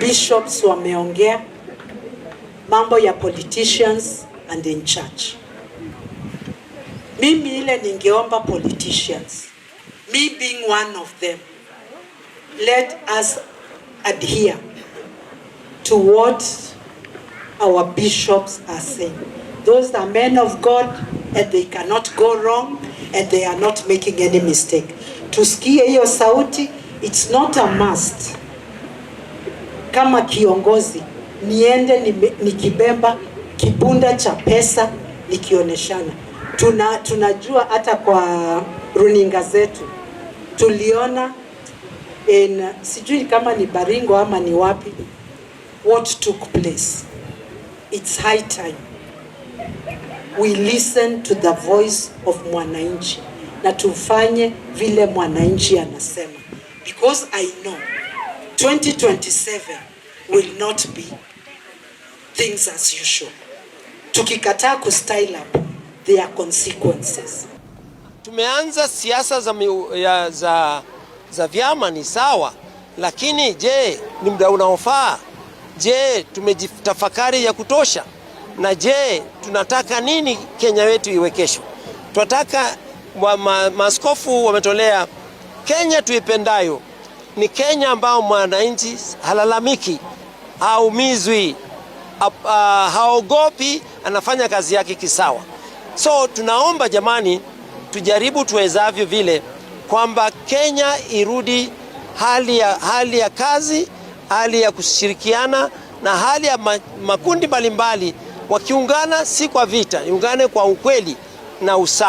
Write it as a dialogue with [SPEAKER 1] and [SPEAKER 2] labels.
[SPEAKER 1] bishops wameongea, mambo ya politicians and in church. Mimi ile ningeomba politicians, me being one of them, let us adhere to what our bishops are saying. Those are men of God and they cannot go wrong and they are not making any mistake. Tusikie your sauti, it's not a must kama kiongozi niende nikibeba kibunda cha pesa nikioneshana. Tuna, tunajua hata kwa runinga zetu tuliona in, sijui kama ni Baringo ama ni wapi, what took place. It's high time we listen to the voice of mwananchi na tufanye vile mwananchi anasema because I know 2027 will not be things as usual. Tukikataa ku style up, there are consequences.
[SPEAKER 2] Tumeanza siasa za, za, za vyama ni sawa, lakini je, ni muda unaofaa? Je, tumejitafakari ya kutosha? Na je, tunataka nini Kenya wetu iwe kesho? Tunataka ma, wametolea Kenya tuipendayo ni Kenya ambao mwananchi halalamiki, haumizwi, ah, haogopi, anafanya kazi yake kisawa. So tunaomba jamani, tujaribu tuwezavyo vile kwamba Kenya irudi hali ya, hali ya kazi, hali ya kushirikiana na hali ya makundi mbalimbali wakiungana, si kwa vita, iungane kwa ukweli na usawa.